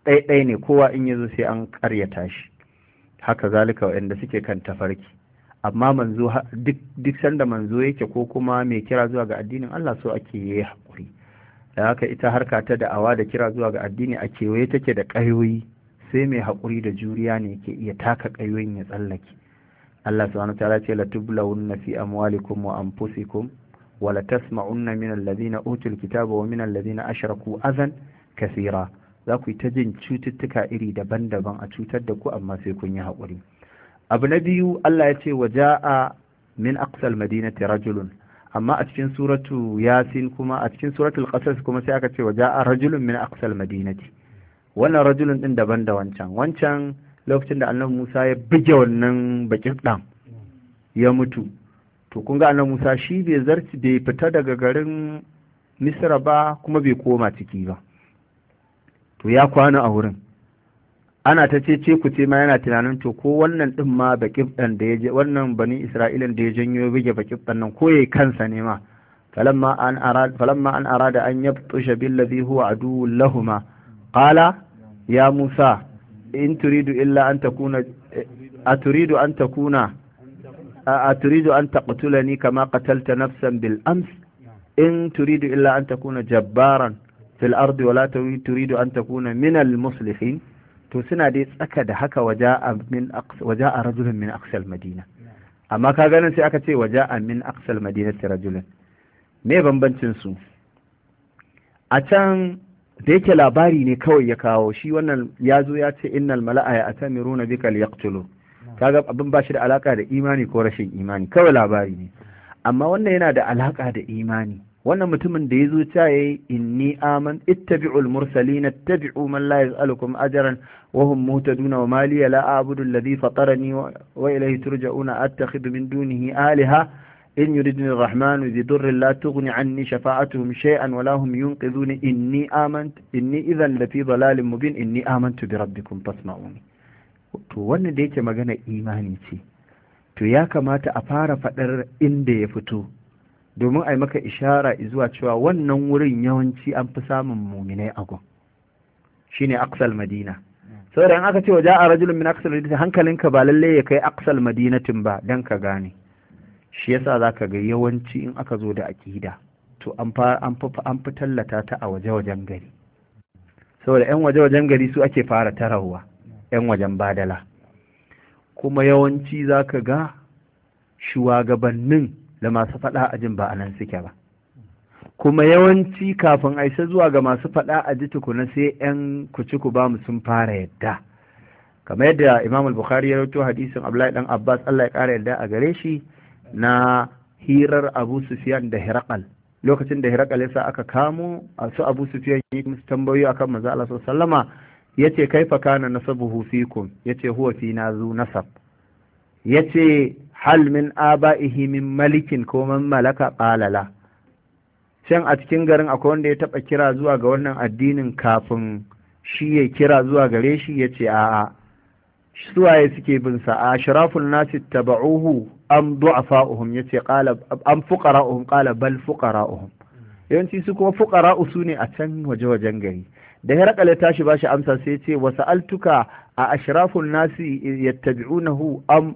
ɗaiɗai ne kowa in ya sai an ƙaryata shi haka zalika waɗanda suke kan tafarki amma manzo duk sanda manzo yake ko kuma mai kira zuwa ga addinin Allah so ake yi haƙuri da haka ita harka ta da'awa da kira zuwa ga addini a kewaye take da ƙayoyi sai mai hakuri da juriya ne ke iya taka ƙayoyin ya tsallake Allah subhanahu wa ta'ala ce latublawunna fi amwalikum wa anfusikum wa latasma'unna min alladhina utul kitaba wa min alladhina ashraku azan kaseera. za ku yi ta jin cututtuka iri daban-daban a cutar da ku amma sai kun yi haƙuri abu na biyu Allah ya ce wa ja'a min aqsal madinati rajulun amma a cikin suratu yasin kuma a cikin suratul qasas kuma sai aka ce wa ja'a rajulun min aqsal madinati wannan rajulun din daban da wancan wancan lokacin da annabi Musa ya buge wannan bakin ɗan ya mutu to kun ga annabi Musa shi bai zarci bai fita daga garin Misra ba kuma bai koma ciki ba to ya kwana a wurin ana ta ce ce ku ce ma yana tunanin to ko wannan din ma bakin ɗan da ya je wannan bani Isra'ilan da ya janyo buge bakin ɗan nan ko yayi kansa ne ma falamma an arada falamma an arada an yabtusha billazi huwa adu lahuma qala ya Musa in turidu illa an takuna a turidu an takuna a turidu an taqtulani kama qatalta nafsan bil ams in turidu illa an takuna jabbaran fil ardi wala turidu an takuna min al muslihin to suna dai tsaka da haka waja a rajulun min Aqsal madina amma ka ganin sai aka ce waja a min aqsal madina ta rajulun me bambancin su a can da yake labari ne kawai ya kawo shi wannan ya zo ya ce innal mala'a ya atamiruna bika liyaqtulu kaga abin ba shi da alaka da imani ko rashin imani kawai labari ne amma wannan yana da alaka da imani wannan mutumin da ya zo ta yayi inni aman ittabi'ul mursalin ittabi'u man la yas'alukum ajran wa hum muhtaduna wa ma la a'budu alladhi fatarani wa ilayhi turja'una attakhidhu min dunihi aliha. in yuridni rahmanu bi durrin la tughni anni shafa'atuhum shay'an wa lahum yunqidhuni inni amantu inni idhan lafi dalalin mubin inni amantu bi rabbikum fasma'uni to wani da yake magana imani ce to ya kamata a fara faɗar inda ya fito domin a yi maka ishara zuwa cewa wannan wurin yawanci an fi samun muminai a gun shine aksal madina saboda in aka ce wa ja'a rajulun min aksal madina ka ba lallai ya kai aksal tun ba dan ka gane shi yasa za ka ga yawanci in aka zo da akida to an fi tallata ta a waje-wajen gari saboda 'yan waje-wajen gari su ake fara tarawa 'yan wajen badala kuma yawanci za ka ga shugabannin da masu faɗa a jin ba a nan suke ba kuma yawanci kafin isa zuwa ga masu faɗa a ji tukuna sai 'yan kuci ba mu sun fara yadda kamar yadda imam al-bukhari ya rawaito hadisin abdullahi dan abbas allah ya kara yadda a gare shi na hirar abu sufiyan da hirakal lokacin da hirakal ya sa aka kamo su abu sufiyan yi musu tambayoyi akan maza Allah sallama ya ce na kana nasabuhu fikum ya ce huwa fi na zu nasab ya ce hal min aba'ihi min malikin ko man malaka qalala Can a cikin garin akwai wanda ya taba kira zuwa ga wannan addinin kafin shi ya kira zuwa gare shi ya ce a'a suwaye suke bin sa A shirafun nasi taba'uhu am du'afa'uhum yace qala am fuqara'uhum qala bal fuqara'uhum yawanci su kuma fuqara'u sune ne a can waje-wajen gari da ya ya tashi ba shi amsa sai ce wa sa'altuka a ashrafun nasi yattabi'unahu am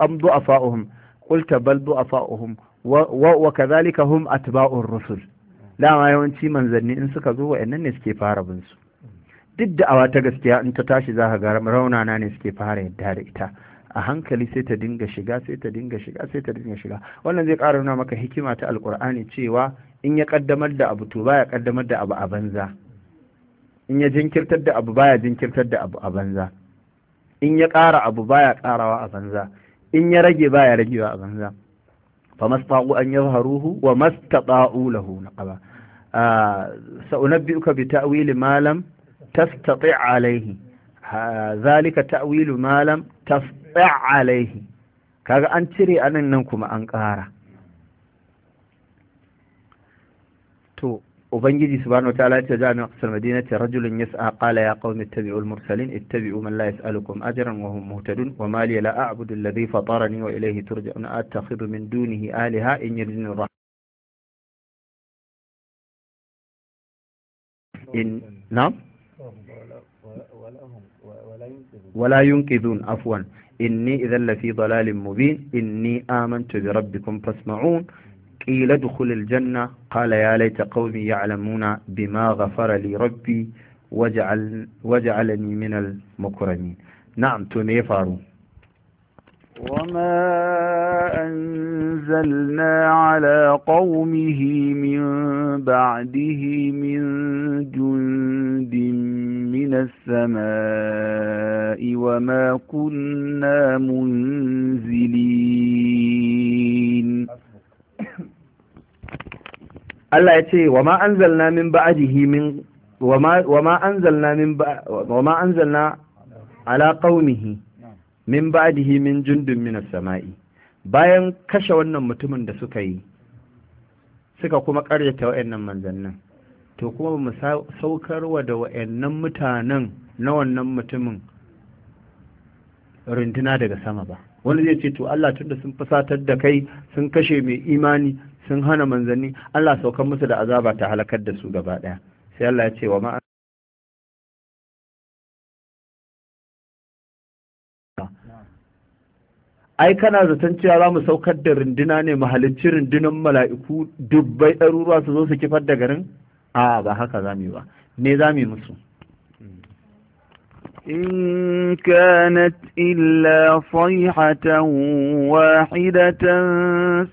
am du'afa'uhum qulta bal du'afa'uhum wa wa kadhalika hum atba'ur rusul dama yawanci manzanni in suka zo wa'annan ne suke fara bin su duk da awa ta gaskiya in ta tashi za ka ga raunana ne suke fara yadda da ita a hankali sai ta dinga shiga sai ta dinga shiga sai ta dinga shiga wannan zai ƙara nuna maka hikima ta alkur'ani cewa in ya kaddamar da abu to baya kaddamar da abu a banza in ya jinkirtar da abu baya jinkirtar da abu a banza in ya ƙara abu baya ƙarawa a banza in ya rage baya ragewa a banza fa mastaqu an yadhharuhu wa mastata'u lahu naqaba ah, sa'unabbi'uka bi ta'wili ma lam tastati' alayhi ذلك تأويل ما لم تستطع باع عليه kaga an cire anan nan kuma an ƙara to ubangiji subhanahu wataala ya ja na qasal madinati rajulun yas'a qala ya qaumi ittabi'u al-mursalin ittabi'u man la yas'alukum ajran wa hum muhtadun wa ma li la a'budu alladhi fatarani wa ilayhi turja'un attakhidhu min dunihi alaha in yuridni in na'am wala yunqidun afwan إني إذا لفي ضلال مبين إني آمنت بربكم فاسمعون قيل ادخل الجنة قال يا ليت قومي يعلمون بما غفر لي ربي وجعل وجعلني من المكرمين نعم تنيفارون فارو وما أنزلنا على قومه من بعده من جند من السماء وما كنا منزلين الله يتي وما أنزلنا من بعده من وما وما أنزلنا من وما أنزلنا على قومه min ba'dihi min jundun minas sama'i bayan kashe wannan mutumin da suka yi suka kuma karyata wa'annan manzannin to kuma mu saukarwa da wa'annan mutanen na wannan mutumin runduna daga sama ba wani zai ce to Allah tunda sun fusatar da kai sun kashe mai imani sun hana manzanni Allah saukar musu da azaba ta halakar da su gaba daya sai Allah ya ce wa ai kana zaton cewa za mu saukar da runduna ne mu halicci rundunan mala'iku dubbai ɗaruruwa su zo su kifar da garin a ba haka za mu yi ba ne za mu yi musu إن كانت إلا صيحة واحدة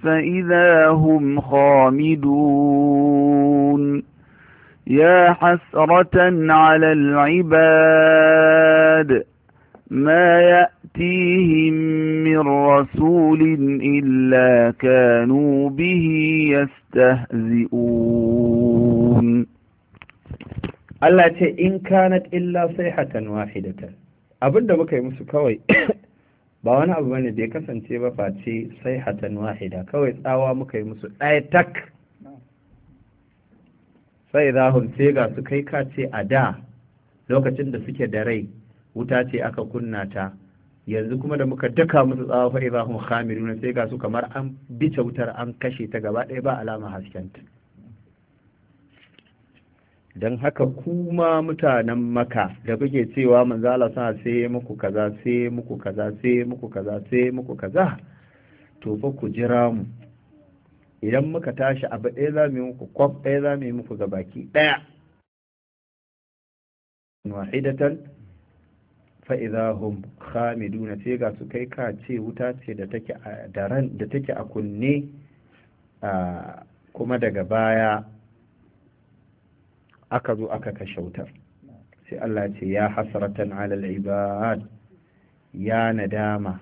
فإذا هم خامدون يا حسرة على العباد ما يأتي يأتيهم من رسول إلا كانوا به يستهزئون Allah ce in kanat illa sayhatan wahidatan abinda muka yi musu kawai ba wani abu bane da ya kasance ba face sayhatan wahida kawai tsawa muka yi musu ɗaya tak sai zahun sai ga su kai ka ce a da lokacin da suke da rai wuta ce aka kunna ta yanzu kuma da muka daka musu tsawa fa idza hum khamiruna sai ga su kamar an bi wutar an kashe ta gaba ɗaya ba alama haskenta don haka kuma mutanen maka da kuke cewa manzo Allah sa sai muku kaza sai muku kaza sai muku kaza sai muku kaza to fa ku jira mu idan muka tashi abu ɗaya za mu yi muku kwaf ɗaya za mu yi muku gabaki ɗaya wahidatan fa'izahun khamiduna sai ga su kai ka ce wuta ce da take a kunne kuma daga baya aka zo aka kashe wutar sai Allah ce ya hasratan alal ibad ya nadama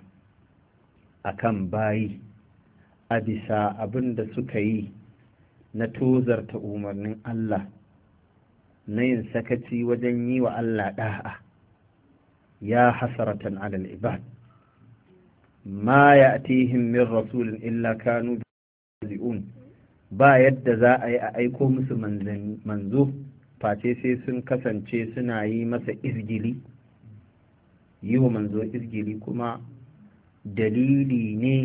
akan bayi a bisa abin da suka yi na tozarta umarnin Allah na yin sakaci wajen yi wa Allah ɗa'a ya hasaratan alal ibad ma ya'tihim min rasulin illa kanu zi'un ba yadda za a yi a aiko musu manzo face sai sun kasance suna yi masa izgili yi wa manzo izgili kuma dalili ne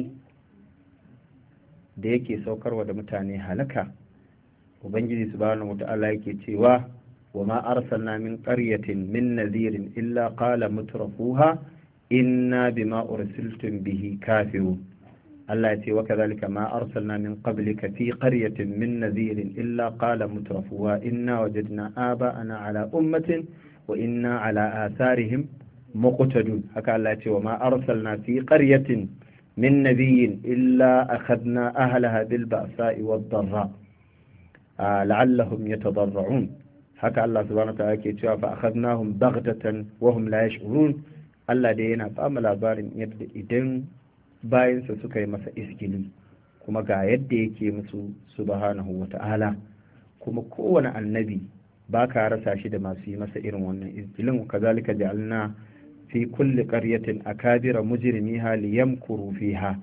da yake saukarwa da mutane halaka ubangiji subhanahu wata'ala yake cewa وما أرسلنا من قرية من نذير إلا قال مترفوها إنا بما أرسلتم به كافرون يتي وكذلك ما أرسلنا من قبلك في قرية من نذير إلا قال مترفوها إنا وجدنا آباءنا على أمة وإنا على آثارهم مقتدون هكا يتي وما أرسلنا في قرية من نبي إلا أخذنا أهلها بالبأساء والضراء آه، لعلهم يتضرعون haka Allah subhanahu ta'ala ke cewa fa akhadnahum baghtatan wa hum la yash'urun Allah da yana ba labarin yadda idan bayansa suka yi masa iskili kuma ga yadda yake musu subhanahu wata'ala kuma kowane annabi baka rasa shi da masu yi masa irin wannan iskilin kazalika ja'alna fi kulli qaryatin akabira mujrimiha liyamkuru fiha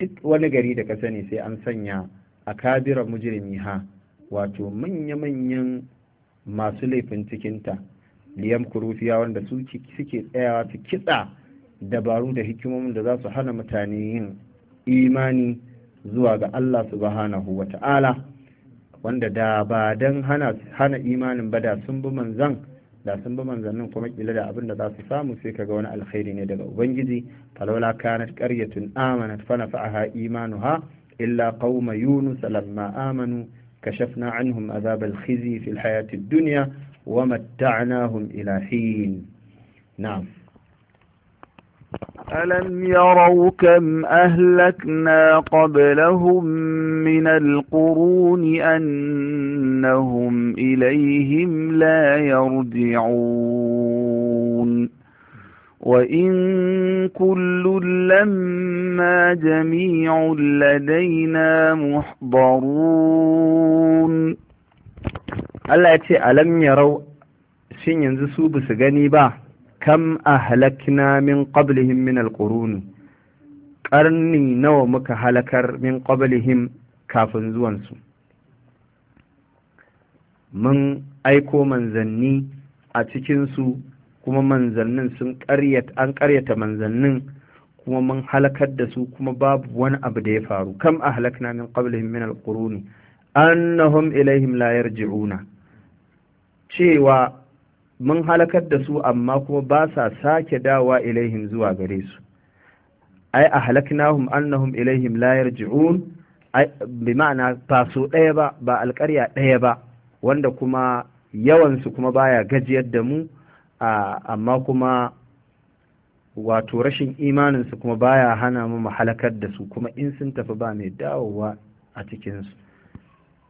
duk wani gari da ka sani sai an sanya akabira mujrimiha wato manya-manyan masu laifin cikinta liyam kurufiya wanda su suke tsayawa su kitsa dabaru da hikimomin da za su hana mutane yin imani zuwa ga Allah subhanahu wa ta'ala wanda da ba don hana imanin ba da sun bi manzan da sun bi manzannin kuma kila da abin da za su samu sai kaga wani alkhairi ne daga ubangiji falola kanat karyatun amanat fa imanu ha illa qauma yunus lamma amanu كشفنا عنهم عذاب الخزي في الحياة الدنيا ومتعناهم إلى حين نعم ألم يروا كم أهلكنا قبلهم من القرون أنهم إليهم لا يرجعون وإن كل لما جميع لدينا محضرون Allah ya ce alam yarau shin yanzu su ba su gani ba kam ahlakna min qablihim min alquruni ƙarni nawa muka halakar min qablihim kafin zuwansu mun aiko manzanni a cikinsu kuma manzannin sun ƙaryata an ƙaryata manzannin kuma mun halakar da su kuma babu wani abu da ya faru kam ahlakna min qablihim min alquruni annahum ilaihim la yarji'una cewa mun halakar da su amma kuma ba sa sake dawa ilaihim zuwa gare su ai ahlaknahum annahum ilaihim la yarji'un bi ma'ana ba so ɗaya ba ba alƙarya ɗaya ba wanda kuma yawansu kuma baya gajiyar da mu amma kuma wato rashin imaninsu kuma baya hana mu halakar da su kuma in sun tafi ba mai dawowa a cikinsu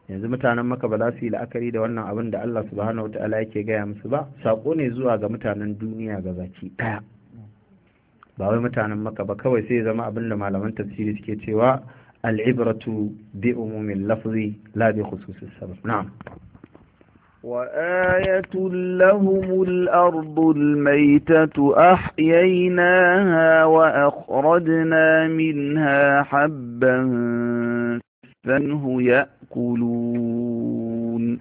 yanzu mutanen maka ba za su yi la'akari da wannan abin da Allah subhanahu wata'ala yake gaya musu ba saƙo ne zuwa ga mutanen duniya ga baki ɗaya ba wai mutanen maka ba kawai sai zama abin da malaman tafsiri suke cewa al'ibratu bi umumin lafzi la bi khususis sabab na'am وآية لهم الأرض الميتة أحييناها وأخرجنا منها حبا فنه يأكلون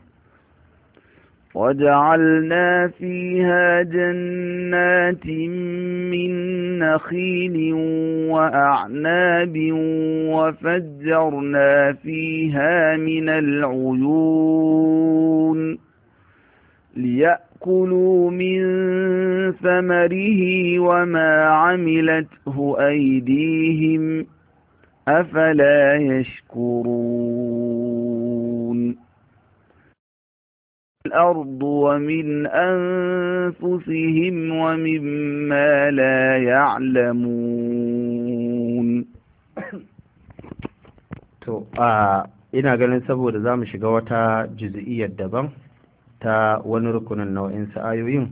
وجعلنا فيها جنات من نخيل وأعناب وفجرنا فيها من العيون ليأكلوا من ثمره وما عملته أيديهم أفلا يشكرون الأرض ومن أنفسهم ومما لا يعلمون تو a ina ganin saboda za mu shiga wata juzu'iyyar daban ta wani rukunin nau'in sa'ayoyin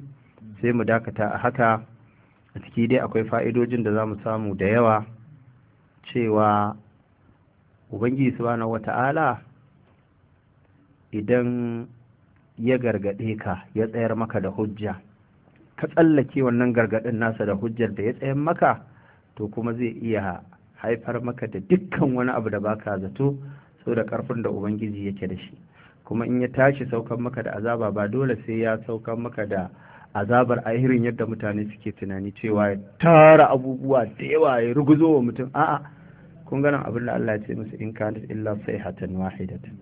sai mu dakata a haka a ciki dai akwai fa'idojin da za mu samu da yawa cewa ubangiji su wata wata'ala idan ya gargaɗe ka ya tsayar maka da hujja ka tsallake wannan gargaɗin nasa da hujjar da ya tsayar maka to kuma zai iya haifar maka da dukkan wani abu da baka zato sau da ƙarfin da ubangiji yake da shi kuma in ya tashi saukan maka da azaba ba dole sai ya saukan maka da azabar ahirin yadda mutane suke tunani cewa ya tara abubuwa da yawa ya ruguzo wa mutum a'a kun ganin abin da Allah ya ce musu in kanat illa sayhatan wahidatan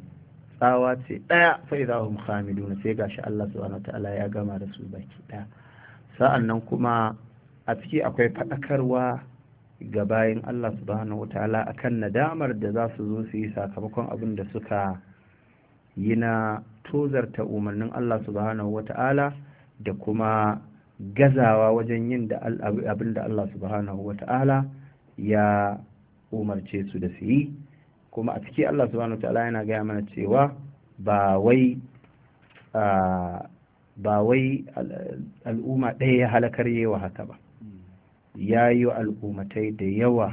tsawa ce daya fa idahum khamiduna sai gashi Allah subhanahu ta'ala ya gama da su baki daya sa'annan kuma a ciki akwai fadakarwa ga bayin Allah subhanahu ta'ala akan nadamar da za su zo su yi sakamakon abin da suka yana tozarta umarnin Allah subhanahu ta'ala da kuma gazawa wajen yin da abin da Allah subhanahu ta'ala ya umarce su da su yi kuma a ciki Allah subhanahu ta'ala yana gaya mana cewa ba wai ba wai al'umma ɗaya ya halakar yawa haka ba ya yi al'ummatai da yawa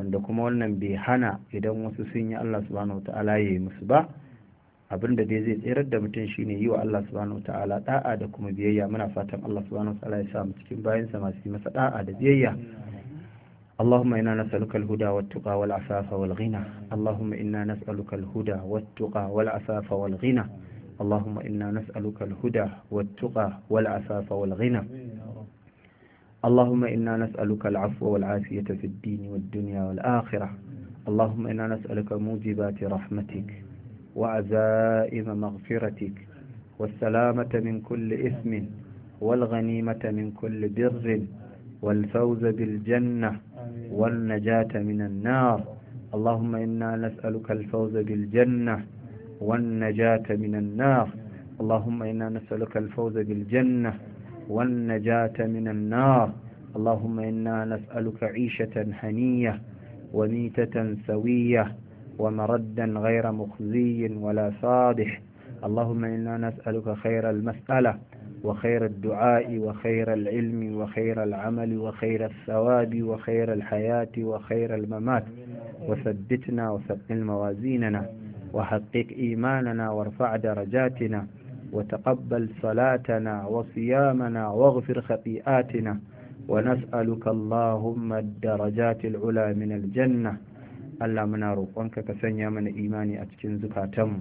wanda kuma wannan bai hana idan wasu sun yi Allah subhanahu ta'ala ya yi musu ba abin da dai zai tserar da mutum shine yi wa Allah subhanahu ta'ala da'a da kuma biyayya muna fatan Allah subhanahu ta'ala ya sa mu cikin bayansa masu yi masa da'a da biyayya اللهم إنا نسألك الهدى والتقى والعفاف والغنى اللهم إنا نسألك الهدى والتقى والعفاف والغنى اللهم إنا نسألك الهدى والتقى والعفاف والغنى اللهم إنا نسألك العفو والعافية في الدين والدنيا والآخرة اللهم إنا نسألك موجبات رحمتك وعزائم مغفرتك والسلامة من كل إثم والغنيمة من كل بر والفوز بالجنة والنجاة من النار اللهم إنا نسألك الفوز بالجنة والنجاة من النار اللهم إنا نسألك الفوز بالجنة والنجاة من النار اللهم إنا نسألك عيشة هنية وميتة سوية ومردا غير مخزي ولا صادح اللهم إنا نسألك خير المسألة وخير الدعاء وخير العلم وخير العمل وخير الثواب وخير الحياة وخير الممات وثبتنا وثقل موازيننا وحقق إيماننا وارفع درجاتنا وتقبل صلاتنا وصيامنا واغفر خطيئاتنا ونسألك اللهم الدرجات العلى من الجنة Allah muna roƙonka ka sanya mana imani a cikin zukatanmu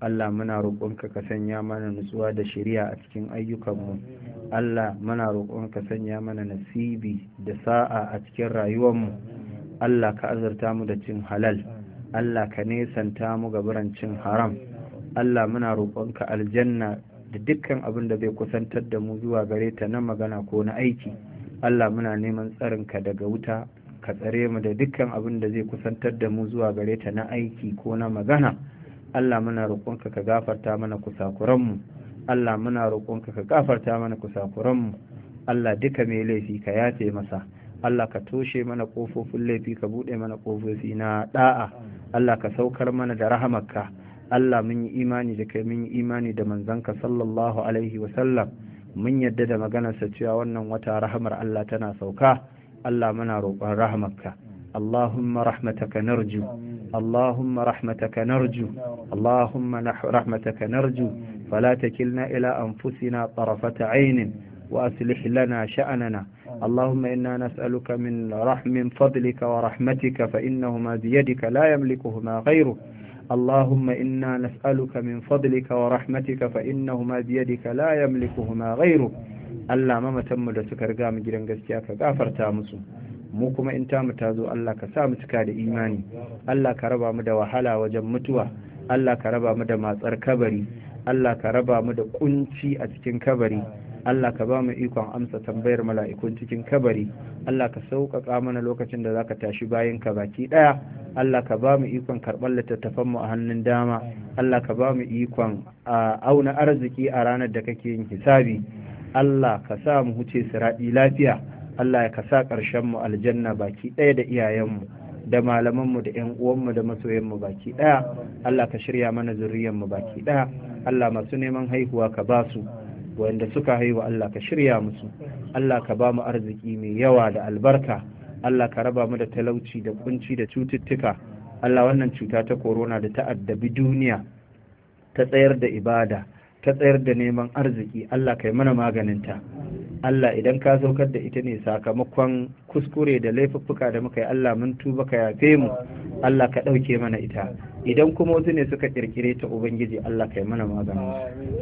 Allah muna roƙonka ka sanya mana nutsuwa da shari'a a cikin ayyukanmu Allah muna roƙonka ka sanya mana nasibi da sa'a a cikin rayuwarmu Allah ka azurta mu da cin halal Allah ka nesanta mu ga cin haram Allah muna roƙonka aljanna da dukkan abin da zai kusantar da mu zuwa gare ta na magana ko na aiki Allah muna neman tsarinka daga wuta ka tsare mu da dukkan abin da zai kusantar da mu zuwa gare ta na aiki ko na magana Allah muna roƙonka ka gafarta mana kusakuranmu Allah muna roƙonka ka gafarta mana mu. Allah duka mai laifi ka yace masa Allah ka toshe mana kofofin laifi ka buɗe mana kofofi na ɗa'a Allah ka saukar mana da rahamarka Allah mun yi imani da kai mun yi imani da manzanka sallallahu alaihi wa sallam mun yadda da maganarsa cewa wannan wata rahamar Allah tana sauka Allah muna roƙon rahmarka ka rahmataka narju Allahumma rahmataka narju Allahumma rahmataka narju fala takilna ila anfusina tarafata ainin wa aslih lana sha'anana اللهم إنا نسألك من رحم فضلك ورحمتك فإنهما بيدك لا يملكهما غيرك اللهم إنا نسألك من فضلك ورحمتك فإنهما بيدك لا يملكهما غيرك Allah ma mu da suka riga mu gidan gaskiya ka gafarta musu mu kuma in ta ta zo Allah ka sa mu cika da imani Allah ka raba mu da wahala wajen mutuwa Allah ka raba mu da matsar kabari Allah ka raba mu da kunci a cikin kabari Allah ka ba mu ikon amsa tambayar mala'ikun cikin kabari Allah ka sauƙaƙa mana lokacin da za ka tashi bayan ka baki ɗaya Allah ka ba mu ikon karɓar littattafan mu a hannun dama Allah ka ba mu ikon auna arziki a ranar da kake yin hisabi Allah ka sa mu huce siraɗi lafiya Allah ka sa ƙarshen mu aljanna baki ɗaya da iyayenmu da malamanmu da ƴan uwanmu da masoyanmu baki ɗaya Allah ka shirya mana zuriyarmu baki ɗaya Allah masu neman haihuwa ka ba su wanda suka haihu Allah ka shirya musu Allah ka ba mu arziki mai yawa da albarka Allah ka raba mu da talauci da kunci da cututtuka Allah wannan cuta ta corona da ta addabi duniya ta tsayar da ibada ta tsayar da neman arziki Allah kai mana maganinta Allah idan ka saukar da ita ne sakamakon kuskure da laifuffuka da muka yi Allah mun tuba ka yafe mu Allah ka ɗauke mana ita idan kuma wasu ne suka ƙirƙire ta ubangiji Allah kai mana maganin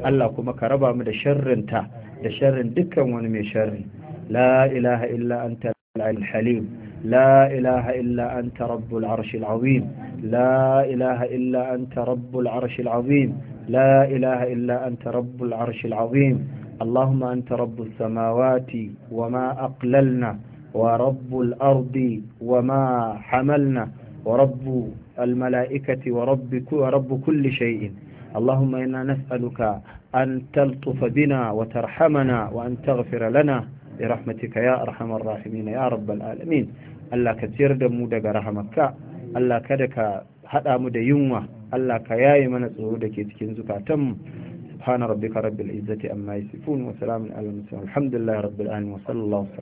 Allah kuma ka raba mu da sharrinta da sharrin dukkan wani mai sharri la ilaha illa anta al لا إله إلا أنت رب العرش العظيم لا إله إلا أنت رب العرش العظيم لا إله إلا أنت رب العرش العظيم اللهم أنت رب السماوات وما أقللنا ورب الأرض وما حملنا ورب الملائكة ورب, ورب كل شيء اللهم إنا نسألك أن تلطف بنا وترحمنا وأن تغفر لنا برحمتك يا أرحم الراحمين يا رب العالمين الله كثير دمودك رحمك الله كدك haɗa mu da yunwa Allah ka yaye mana tsoro da ke cikin zukatanmu subhana rabbika rabbil izzati amma yasifun wa salamun mursalin alhamdulillahi rabbil alamin wa sallallahu